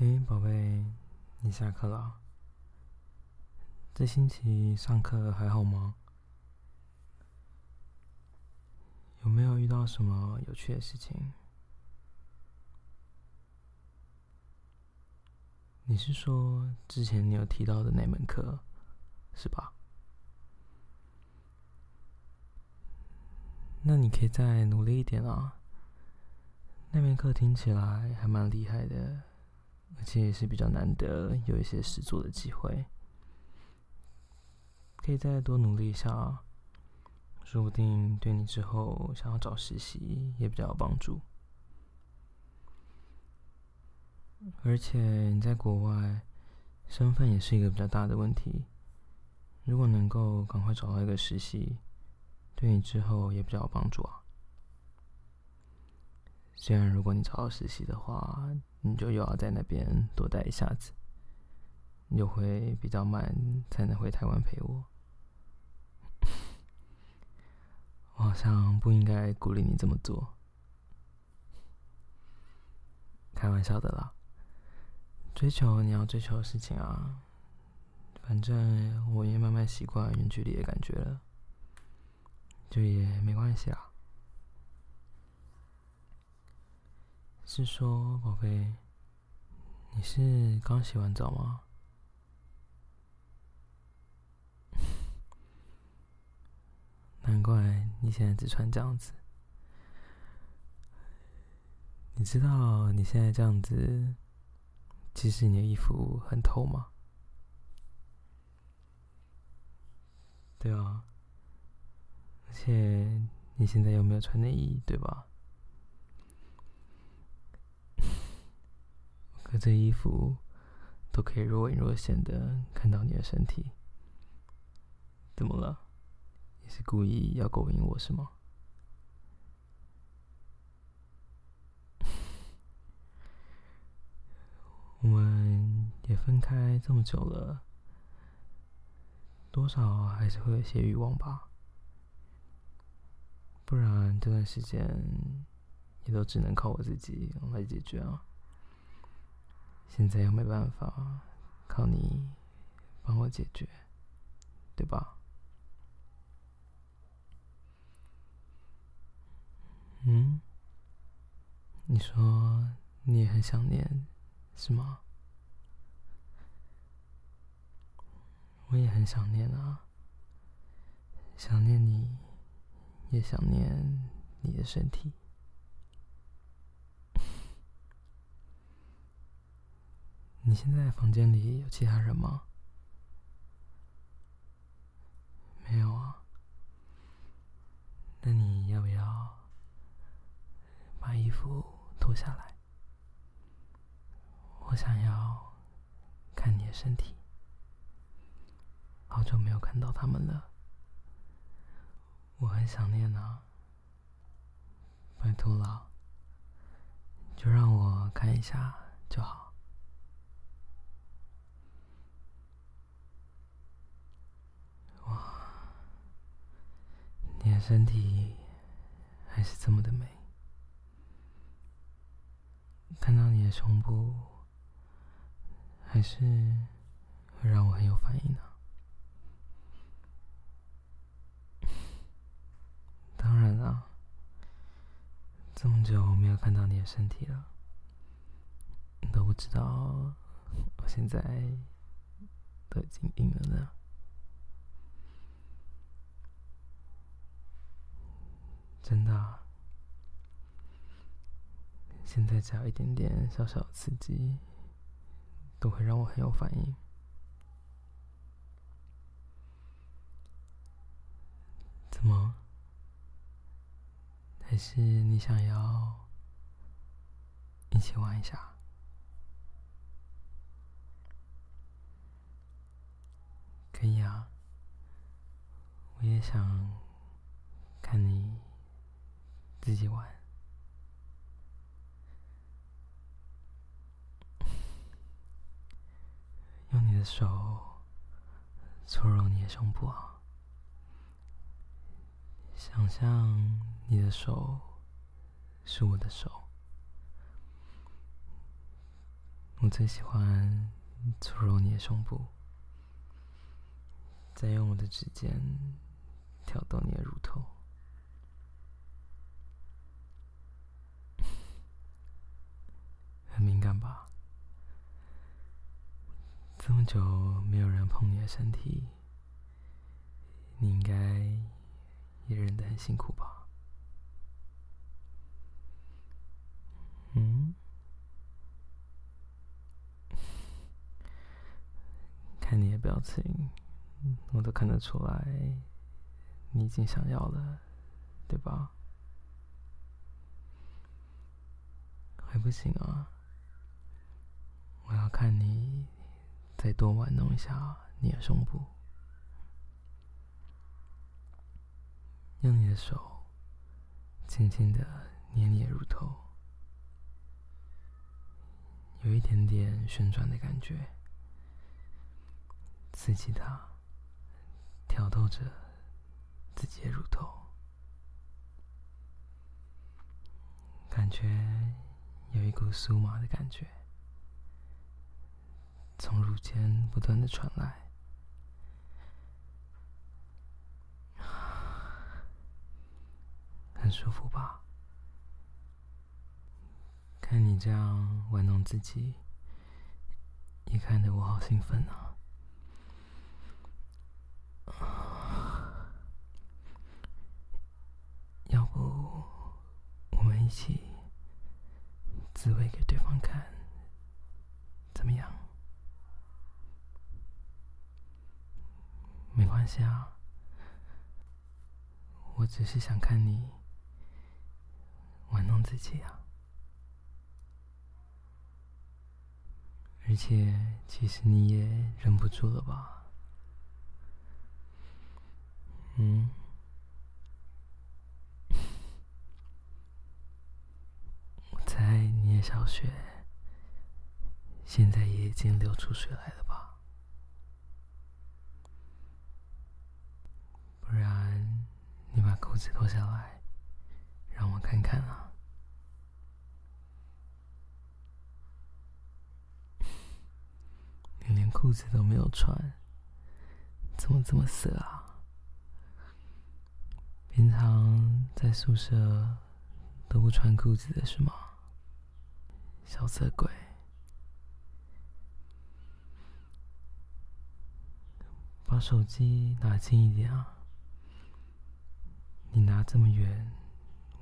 哎，寶貝，你下課了？這星期上課還好嗎？有沒有遇到什麼有趣的事情？你是說之前你有提到的那門課，是吧？那你可以再努力一點啊。那門課聽起來還蠻厲害的。而且也是比較難得有一些實做的機會，可以再多努力一下啊！說不定對你之後想要找實習也比較有幫助。而且你在國外，身份也是一個比較大的問題。如果能夠趕快找到一個實習，對你之後也比較有幫助啊！雖然如果你找到實習的話，你就又要在那邊多待一下子，你就會比較慢才能回台灣陪我。 我好像不應該鼓勵你這麼做，開玩笑的啦。追求你要追求的事情啊，反正我也慢慢習慣遠距離的感覺了，就也沒關係啊。是說，寶貝，你是剛洗完澡嗎？難怪你現在只穿這樣子。你知道你現在這樣子，其實你的衣服很透嗎？對啊，而且你現在有沒有穿內衣？對吧？隔着衣服，都可以若隱若現的看到你的身體。怎麼了？你是故意要勾引我是嗎？我們也分開這麼久了，多少還是會有些慾望吧？不然這段時間，也都只能靠我自己來解決啊。現在又沒辦法，靠你幫我解決，對吧？嗯，你說你也很想念，是嗎？我也很想念啊，想念你，也想念你的身體。你現在房間裡有其他人嗎？沒有啊。那你要不要把衣服脫下來？我想要看你的身體。好久沒有看到他們了，我很想念啊。拜托了，就讓我看一下就好。你身體還是這麼的美，看到你的胸部，還是會讓我很有反應呢、啊。當然了，這麼久沒有看到你的身體了，你都不知道我現在都已經硬了呢。真的啊，現在只要一點點小小的刺激，都會讓我很有反應。怎麼？還是你想要一起玩一下？可以啊，我也想看你。自己玩，用你的手搓揉你的胸部啊！想象你的手是我的手，我最喜歡搓揉你的胸部，再用我的指尖挑逗你的乳頭。看吧，這麼久沒有人碰你的身體，你應該也忍得很辛苦吧？嗯？看你的表情，我都看得出來，你已經想要了，對吧？還不行啊？我要看你再多玩弄一下你的胸部，用你的手輕輕的捏捏乳頭，有一點點旋轉的感覺，刺激它，挑逗着自己的乳頭，感覺有一股酥麻的感覺。時間不斷的傳來，很舒服吧？看你這樣玩弄自己，也看得我好興奮啊！要不我們一起自慰給對方看，怎麼樣？沒關係啊，我只是想看你玩弄自己啊，而且其實你也忍不住了吧？嗯，我猜你的小學，現在也已經流出水來了。你把褲子脫下來，讓我看看啊。 你連褲子都沒有穿，怎麼這麼色啊？平常在宿舍都不穿褲子的是嗎？小色鬼！把手機拿近一點啊！你拿這麼遠，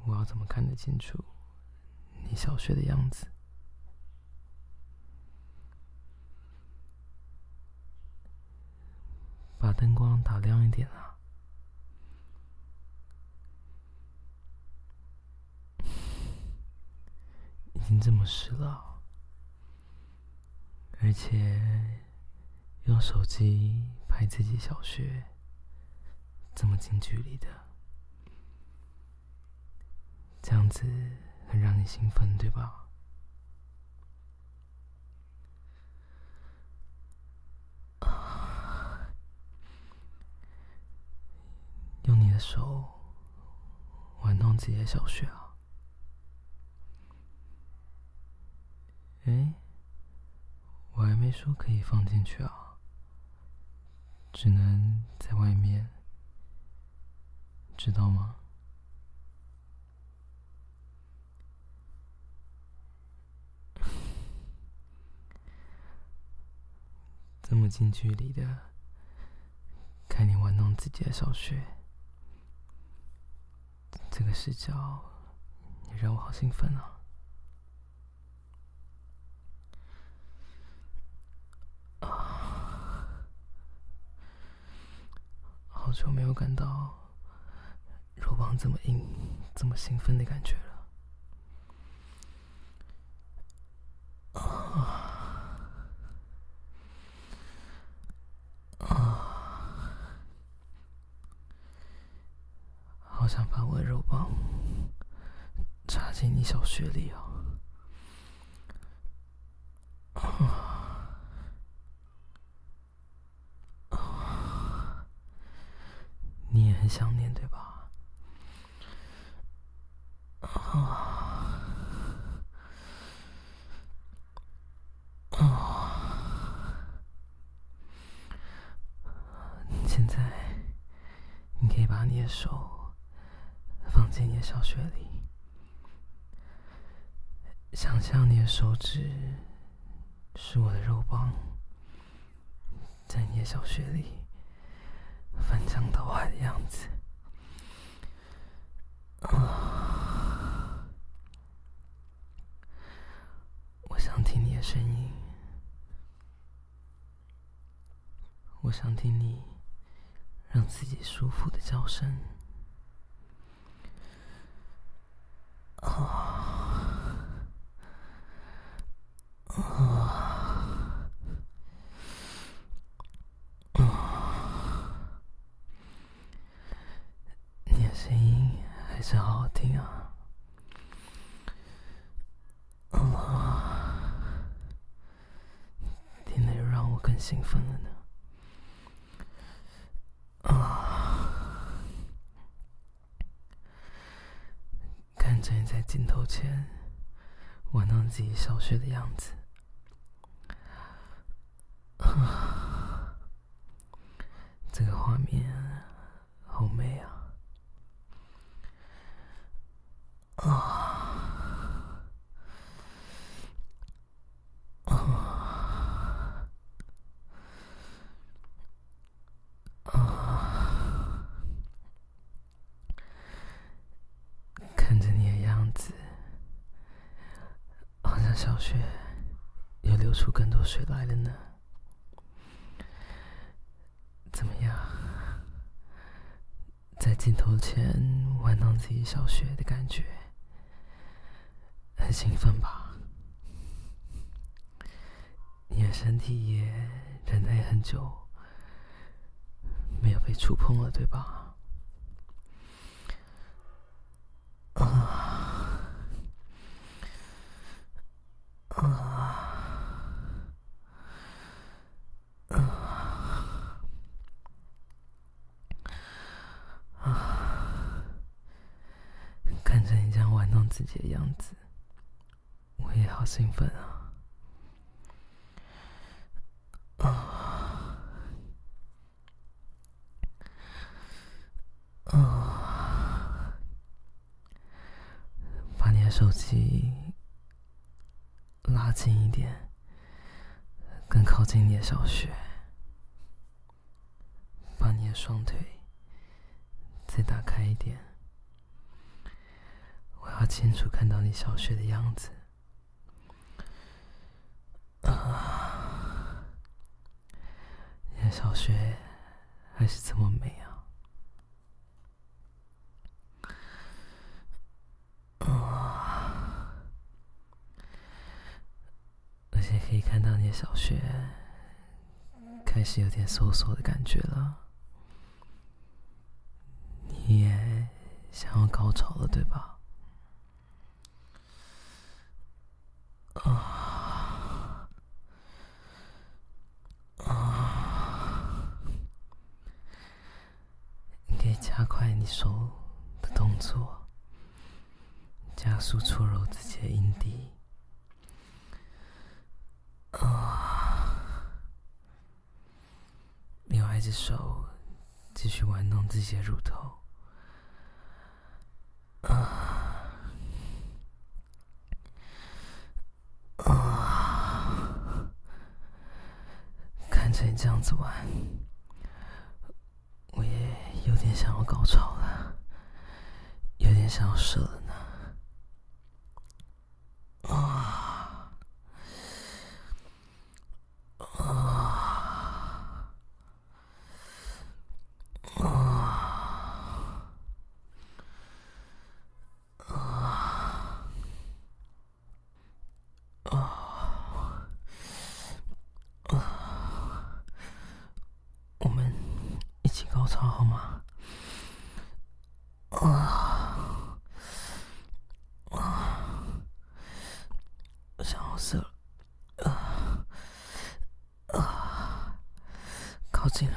我要怎麼看得清楚你小穴的樣子？把燈光打亮一點啊！已經這麼濕了，而且用手機拍自己小穴這麼近距離的。這樣子很讓你興奮，對吧、啊？用你的手玩弄自己的小穴啊！哎、欸，我還沒說可以放進去啊，只能在外面，知道嗎？這麼近距離的看你玩弄自己的小穴，這個視角也讓我好興奮啊，啊！好久沒有感到肉棒這麼硬、這麼興奮的感覺。放進你小穴裡啊，你也很想念對吧？啊，啊，現在你可以把你的手放進你的小穴裡。想象你的手指是我的肉棒，在你的小穴裡翻江倒海的樣子。啊，我想聽你的聲音，我想聽你讓自己舒服的叫聲。啊。還是好好聽啊！啊，聽了又讓我更興奮了呢。啊，看着你在鏡頭前，玩弄自己小學的樣子。小穴，又流出更多水來了呢。怎麼樣，在鏡頭前玩弄自己小穴的感覺，很興奮吧？你的身體也忍耐很久，沒有被觸碰了，對吧？樣子，我也好興奮啊！把你的手機拉近一點，更靠近你的小雪。把你的雙腿再打開一點。他清楚看到你小穴的樣子，啊、呃！你的小穴還是這麼美啊！啊、呃！而且可以看到你的小穴開始有點收縮的感覺了，你也想要高潮了，對吧？啊啊！你可以加快你手的動作，加速搓揉自己的陰蒂。啊！另外一隻手繼續玩弄自己的乳頭。啊。完，我也有點想要高潮了，有點想要射了。我操，好嗎？啊啊！想我死了，啊啊！靠近了，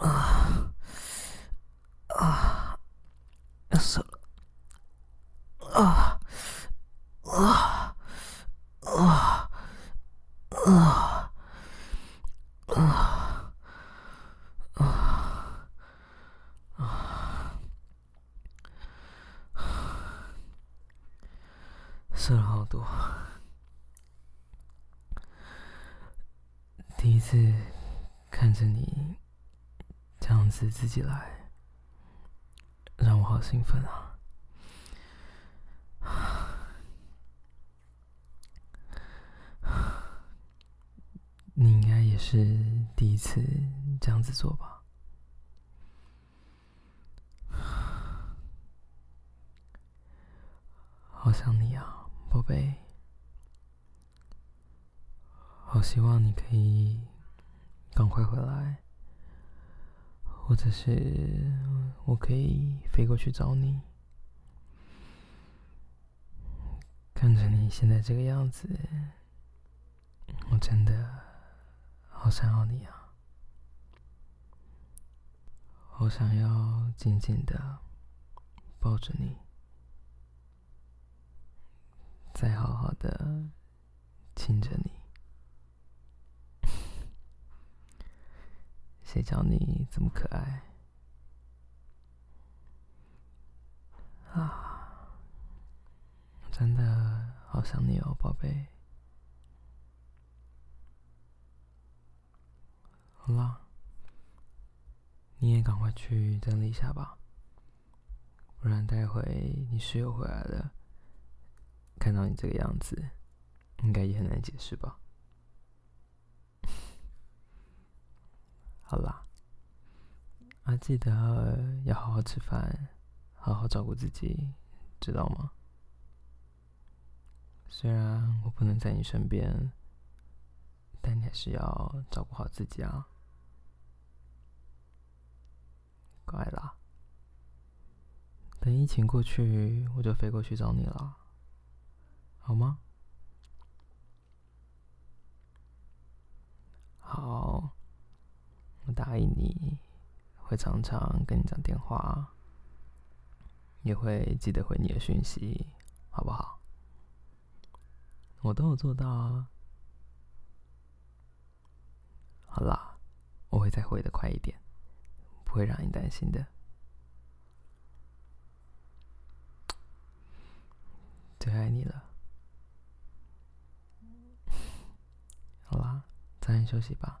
啊啊！要死了！自己來，讓我好興奮啊！你應該也是第一次這樣子做吧？好想你啊，寶貝！好希望你可以趕快回來。或者是我可以飛過去找你，看着你現在這個樣子，我真的好想要你啊！好想要緊緊的抱着你，再好好的親着你。誰叫你這麼可愛？啊，真的好想你哦，寶貝。好啦，你也趕快去整理一下吧，不然待會你室友回來了，看到你這個樣子，應該也很難解釋吧。好啦，啊，記得要好好吃飯，好好照顧自己，知道嗎？雖然我不能在你身邊，但你還是要照顧好自己啊，乖啦。等疫情過去，我就飛過去找你了，好嗎？好。我答應你，會常常跟你講電話，也會記得回你的訊息，好不好？我都有做到啊。好啦，我會再回的快一點，不會讓你擔心的。最愛你了， 好啦，早點休息吧。